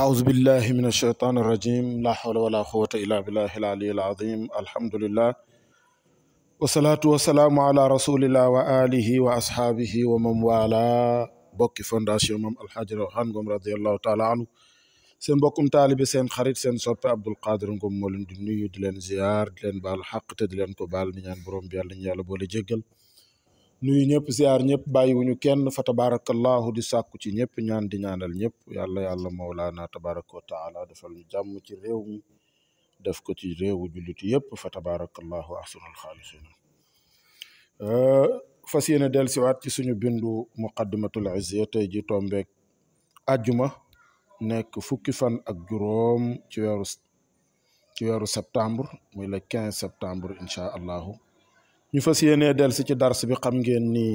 أعوذ بالله من الشيطان الرجيم لا حول ولا قوة إلا بالله العلي العظيم الحمد لله والصلاة والسلام على رسول الله وآله وأصحابه ومن والاه بوكي فونداسيون مام الحاج روحان رضي الله تعالى عنه سين بوكم طالب سين خريط سين صوب عبد القادر غوم مولين دي نيو دي لين زيار دي لين بال حق لين كو بال نيان بروم بيال نيان يالا بولي جيغل nuyu ñëpp ziar ñëpp bàyyiwuñu kenn fa tabarakallahu di sàkku ci ñëpp ñaan di ñaanal ñëpp yàlla yàlla mawlaana tabaraka wa taala defal ñu jàmm ci réew def ko ci réewu jullit yëpp fa tabarakallahu ahsanul xaaliqina fas yéene dellusiwaat ci suñu bindu muqaddimatul izya tey ji tombeek ajjuma nekk fukki fan ak juróom ci weeru septembre muy le quinze septembre incha allahu ñu fas yéenee dellu si ci dars bi xam ngeen ni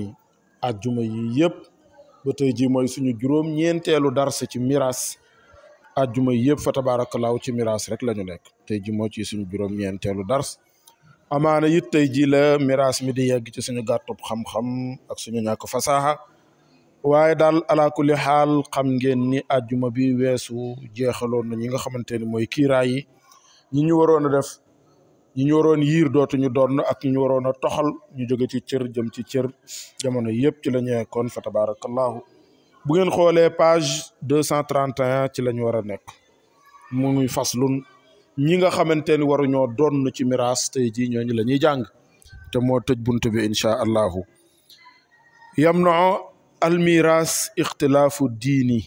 ajjuma yi yëpp ba tey ji mooy suñu juróom ñeenteelu dars ci miras ajjuma yi yëpp fa ci miras rek lañu ñu nekk tey ji moo ci suñu juróom ñeenteelu dars amaana it tey ji la miras mi di yegg ci suñu gàttub xam-xam ak suñu ñàkk fasaaxa waaye daal alaa kulli xaal xam ngeen ni ajjuma bi weesu jeexaloon ñi nga xamante ni mooy yi ñi ñu waroon def ñu ñu waroon yiir dootuñu doon ak ñu waroon a toxal ñu jóge ci cër jëm ci cër jamono yëpp ci la ñu nekkoon fa tabarakallahu bu ngeen xoolee page deux cent trente et ci lañu ñu war a nekk mu ngi faslun ñi nga xamante ni waruñoo doon ci miraas tey jii ñooñu la ñuy jàng te moo tëj bunt bi incha allahu yamnoo almiras ixtilaafu diini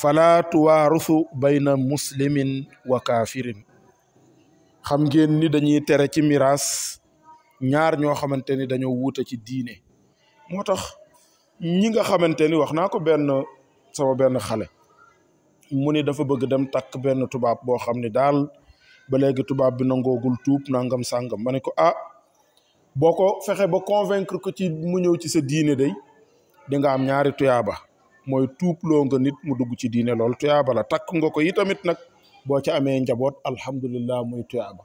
fala tuwaarisu bayna muslimin wa kaafirin xam ngeen ni dañuy tere ci miraas ñaar ñoo xamante ni dañoo wuute ci diine moo tax ñi nga xamante ni wax naa ko benn sama benn xale mu ni dafa bëgg dem takk benn tubaab boo xam ni daal ba léegi tubaab bi nangoogul tuub nangam sàngam ma ne ko ah boo ko fexe ba convaincre ko ci mu ñëw ci sa diine day di nga am ñaari tuyaaba mooy tuub loo nga nit mu dugg ci diine loolu tuyaaba takk nga ko yi nag boo ci amee njaboot alhamdulilah muy tuyaaba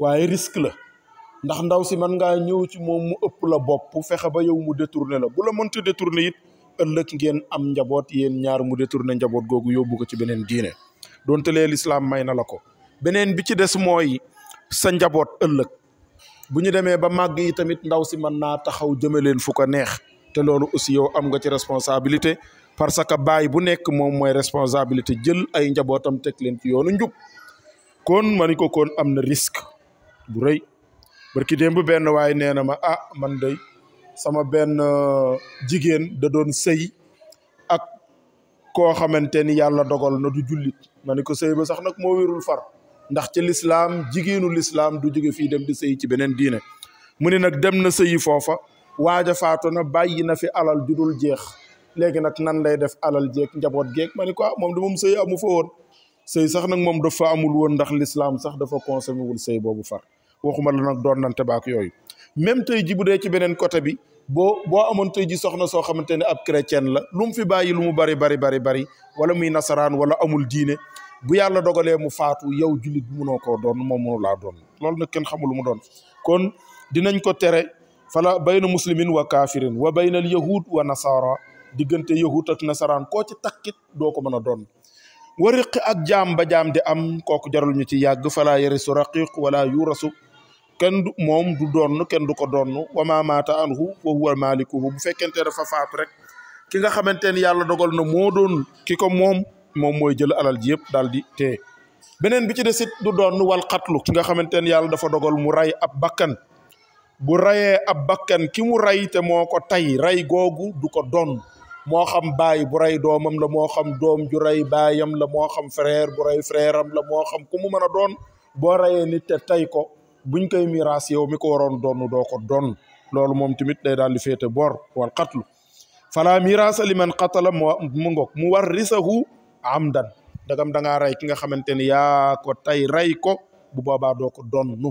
waaye risque la ndax ndaw si mën ngaa ñëw ci moom mu ëpp la bopp fexe ba yow mu détourné la bu la mënta détourné it ëllëg ngeen am njaboot yéen ñaar mu détourné njaboot googu yóbbu ko ci beneen diine donte lee lislaam may na la ko beneen bi ci des mooy sa njaboot ëllëg bu ñu demee ba màgg yi tamit ndaw si mën naa taxaw jëme leen fu ko neex te loolu aussi yow am nga ci responsabilité parce que bay bu nek mom moy responsabilité jël ay njabotam tek len ci yoonu njub kon maniko kon am risque bu reuy barki demb ben way ma ah man day sama ben euh, jigen da doon sey ak ko xamanteni yalla dogal na du julit maniko sey ba sax nak mo wirul far ndax ci l'islam jigenu l'islam du jóge fi dem di sey ci benen diine mu nak dem na sey fofa waja fatuna bayina fi alal judul jeex légui nak nan lay def alal jek njabot jek ma ni ko ah sëy amu fo won sëy sax nak mom dafa amul won ndax l'islam sax dafa consommer wul sëy bobu far waxuma la nak don nante baak yoy même tay ji budé ci benen côté bi bo bo amoon tay ji soxna so xamanteni ab chrétien la lum fi bàyyi lu mu bari bari bari bari wala muy nasaran wala amul diine bu yàlla dogalé mu faatu yow julit bi munoo koo doon moom munu laa doon loolu nag kenn xamul mu don kon dinañ ko tere fala bayna muslimin wa kafirin wa bayna al yahud wa nasara diggante yahut ak nasaraan koo ci takkit doo ko mën a doon wariqi ak jaam ba jaam di am kooku jarul ñu ci yàgg falaa yarisu raqiq wala yurasu kenn du moom du doon kenn du ko doon wama maata anhu wa huwa malikuhu bu fekkente ne dafa faatu rek ki nga xamante ni yàlla dogal na moo doon ki ko moom moom mooy jël alal ji yëpp daal di te beneen bi ci des it du doon wal xatlu ki nga xamante ne yàlla dafa dogal mu rey ab bakkan bu rayee ab bakkan ki mu rey te moo ko tay rey googu du ko doon moo xam baay bu rey doomam la moo xam doom ju rey baayam la moo xam frère bu rey frère am la moo xam ku mu mën a doon boo reyee nit te tey ko buñ koy miraas yow mi ko waroon doon doo ko doon loolu moom tamit day daal di féete bor wal xatlu fala miraasa li man qatala mu ngoog mu war risahu amdan dagam da ngaa rey ki nga xamante ni yaa ko tey rey ko bu boobaa doo ko donnu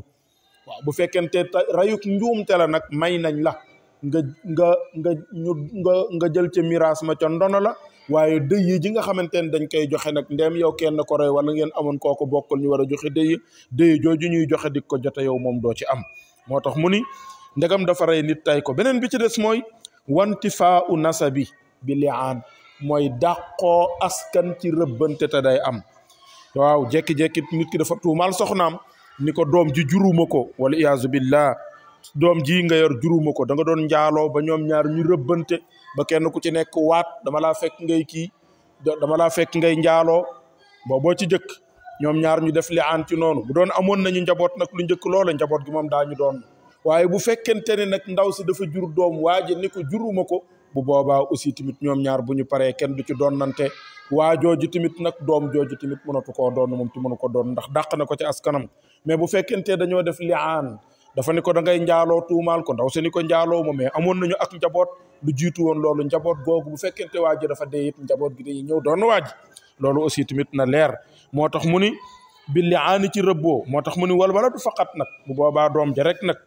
waaw bu fekkente reyu njuumte la nag may nañ la nga nga nga ñu nga nga jël ca miraas ma ca ndono la waaye dëy yi ji nga xamante ne dañ koy joxe nag ndeem yow kenn ko roy wala ngeen amoon kooku bokkul ñu war a joxe dëy dëy jooju ñuy joxe dik ko jote yow moom doo ci am moo tax mu ni ndegam dafa rey nit tay ko beneen bi ci des mooy wanti faa u nasabi bi liaan mooy dàqoo askan ci rëbbante te day am waaw jekki-jekki nit ki dafa tuumaal soxnaam ni ko doom ji juruma ko wala iyaazu billah doom ji nga yor juruma ko da nga doon njaaloo ba ñoom ñaar ñu rëbbante ba kenn ku ci nekk waat dama laa fekk ngay kii dama laa fekk ngay njaaloo boo ci jëkk ñoom ñaar ñu def li aan ci noonu bu doon amoon nañu njaboot nag lu njëkk loola njaboot gi moom daañu doon waaye bu fekkente ne nag ndaw si dafa jur doom waaje ni juruma ko bu boobaa aussi tamit ñoom ñaar bu ñu paree kenn du ci doonnante waa jooju tamit nag doom jooju tamit mënatu koo doon moom ci mënu ko doon ndax dàq na ko ci askanam mais bu fekkente dañoo def li aan dafa ni ko da ngay njaaloo tuumaal ko ndaw si ni ko njaaloo ma mais amoon nañu ak njaboot lu jiitu woon loolu njaboot googu bu fekkente waa ji dafa dee njaboot gi day ñëw doon waaj loolu aussi tamit na leer moo tax mu ni bi liaani ci rëbboo moo tax mu ni wala du faqat nag bu boobaa doom ja rek nag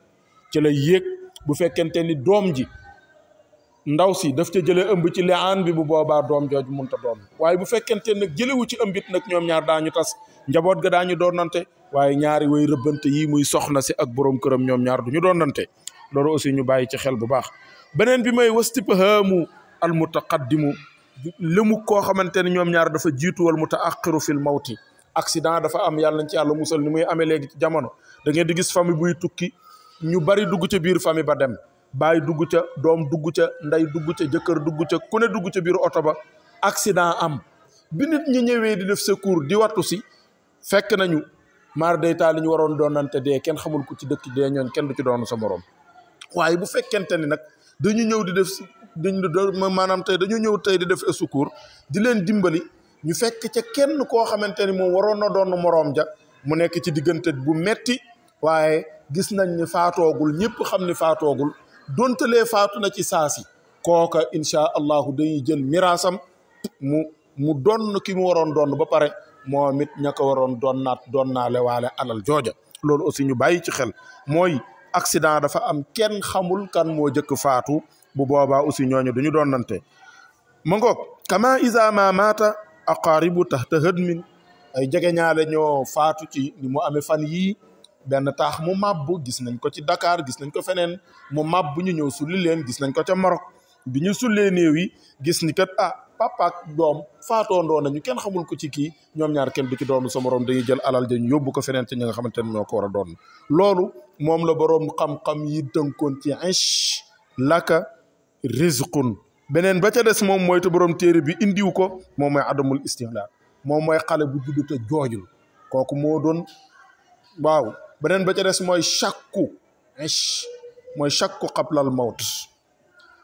ci la yéeg bu fekkente ni doom ji ndaw si daf ca jëlee ëmb ci liaan bi bu boobaa doom jooju munta doon waaye bu fekkente nag jëlewu ci ëmbit nag ñoom ñaar daañu tas njaboot ga daañu doon nante waaye ñaari way rëbbante yii muy soxna si ak borom këram ñoom ñaar du ñu doonante loolu aussi ñu bàyyi ci xel bu baax beneen bi may wastiphamu al mutaqaddimu limu koo xamante ne ñoom ñaar dafa jiituwal mutaaxiru fil mawti accident dafa am yàlla nañ ci yàlla musal ni muy amee léegi ci jamono da ngeen di gis famille buy tukki ñu bari dugg ca biir famille ba dem baay dugg ca doom dugg ca ndey dugg ca jëkkër dugg ca ku dugg ca biir oto ba accident am bi nit ñi ñëwee di def secours di wattu fekk nañu maar day taal li ñu waroon doonante dee kenn xamul ku ci dëkk dee ñooñ kenn du ci doon sa morom waaye bu fekkente ni nag dañu ñëw di def dañ maanaam tey dañu ñëw tey di def secours di leen dimbali ñu fekk ca kenn koo xamante ni moom waroon na doon moroom ja mu nekk ci diggante bu metti waaye gis nañ ni faatoogul ñëpp xam ni faatoogul dontalee faatu na ci saasi kooka incha allahu dañuy jël miraasam mu mu donn ki mu waroon donn ba pare moom it ña ko waroon doon naat doon naale waale alal jooja loolu aussi ñu bàyyi ci xel mooy accident dafa am kenn xamul kan moo jëkk faatu bu boobaa aussi ñooñu duñu doon nante ma ngoog kama isa ma maata tax tahta hadmin ay jege ñaale ñoo faatu ci ni mu amee fan yii benn taax mu mabbu gis nañ ko ci Dakar gis nañ ko feneen mu bu ñu ñëw sulli leen gis nañ ko ca Maroc bi ñu sullee néew yi gis ni ah papa ak doom faatoondoo nañu kenn xamul ko ci kii ñoom ñaar kenn du ci doonu sa morom dañuy jël alal ja ñu yóbbu ko feneen ci ñi nga xamante ñoo ko war a loolu moom la boroom xam-xam yi tënkoon ci inch laka rizqun beneen ba ca des moom mooy te téere bi indiw ko moom mooy adamul istihlaal moom mooy xale bu juddu te joojul kooku moo doon waaw beneen ba ca des mooy chakku inch mooy chakku qablal mawt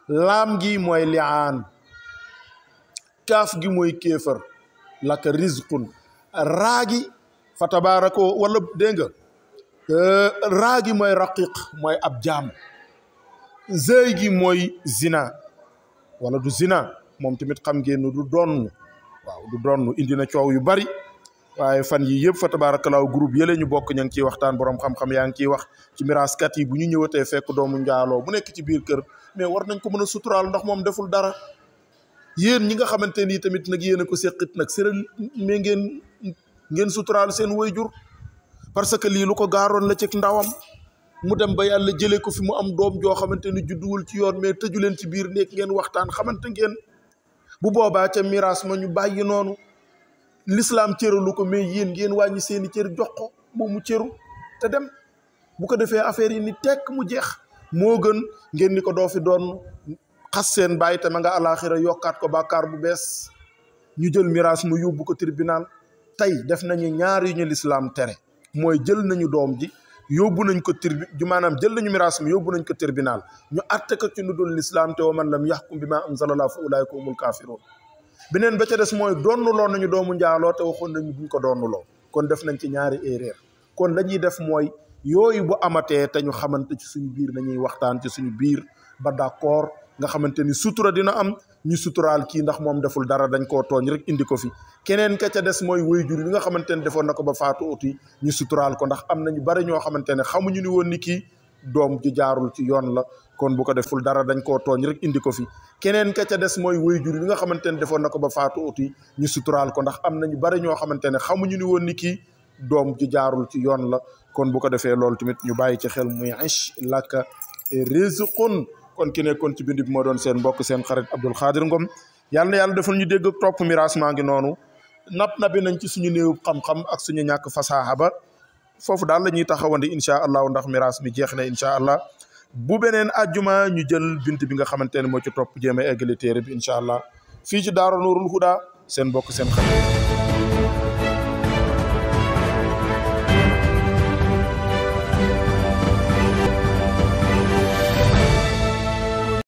laam gi mooy liaan kaaf gi mooy kéefër laka rizqun raagi fa tabaarako wala dégg nga euh, raagi mooy raqiq mooy ab jaam zëy gi mooy zina wala du zina moom tamit xam ngeen du doon waaw du doon indi na coow yu bari waaye fan yi yëpp fa tabaarakalaaw groupe yële ñu bokk ña ngi ciy waxtaan borom xam-xam yaa ngi ciy wax ci miraaskat yi bu ñu ñëwatee fekk doomu njaaloo bu nekk ci biir kër mais war nañ ko mën a suturaal ndax moom deful dara yéen ñi nga xamante nii tamit nag yéen a ko seqit nag séral mais ngeen ngeen suturaal seen wayjur parce que lii lu ko gaaroon la ci ndawam mu dem ba yàlla jëlee ko fi mu am doom joo xamante ni judduwul ci yoon mais tëju leen ci biir nekk ngeen waxtaan xamante ngeen bu boobaa ca miraas ma ñu bàyyi noonu lislaam cëralu ko mais yéen ngeen wàññi seen i cër jox ko moom mu cëru te dem bu ko defee affaire yi ni tekk mu jeex moo gën ngeen ni ko doo fi doon xas seen bàyyi tama nga alaxira yokkaat ko bàkkaar bu bees ñu jël miraas mu yóbbu ko tribunal tey def nañu ñaari yu ñu lislaam tere mooy jël nañu doom ji yóbbu nañ ko tribunal maanaam jël nañu miraas yóbbu nañ ko tribunal ñu atte ko ci lu dul lislaam te wa man lam yaxkum bi ma anzalallaa fa ulaayka humul kaafiruun beneen ba ca des mooy donnuloo nañu doomu njaaloo te waxoon nañu buñ ko donnuloo kon def nañ ci ñaari erreur kon la def mooy yooyu bu amatee te ñu xamante ci suñu biir nañuy waxtaan ci suñu biir ba d'accord nga xamante ni sutura dina am ñu suturaal kii ndax moom deful dara dañ koo tooñ rek indi ko fi keneen ka ca des mooy wayjur bi nga xamante ne defoon na ko ba faatu uti ñu suturaal ko ndax am nañu bari ñoo xamante ne xamuñu ni woon ni kii doom ju jaarul ci yoon la kon bu ko deful dara dañ koo tooñ rek indi ko fi keneen ka des mooy wayjur bi nga xamante ne defoon na ko ba faatu uti ñu suturaal ko ndax am nañu bari ñoo xamante ne xamuñu ni woon ni kii doom ju jaarul ci yoon la kon bu ko defee loolu tamit ñu bàyyi ci xel muy ish laka rizqun kon ki nekkoon ci bind bi moo doon seen mbokk seen xarit Abdou Khadre Ngom yal na yàlla defal ñu dégg topp miraas maa ngi noonu nap nabi nañ ci suñu néew xam-xam ak suñu ñàkk fasaaxa ba foofu daal la ñuy taxawandi incha allah ndax miraas mi jeex na incha allah bu beneen ajjuma ñu jël bint bi nga xamante ne moo ci topp jéem a eggali téere bi incha allah fii ci Daara Nuurul Huda seen mbokk seen xarit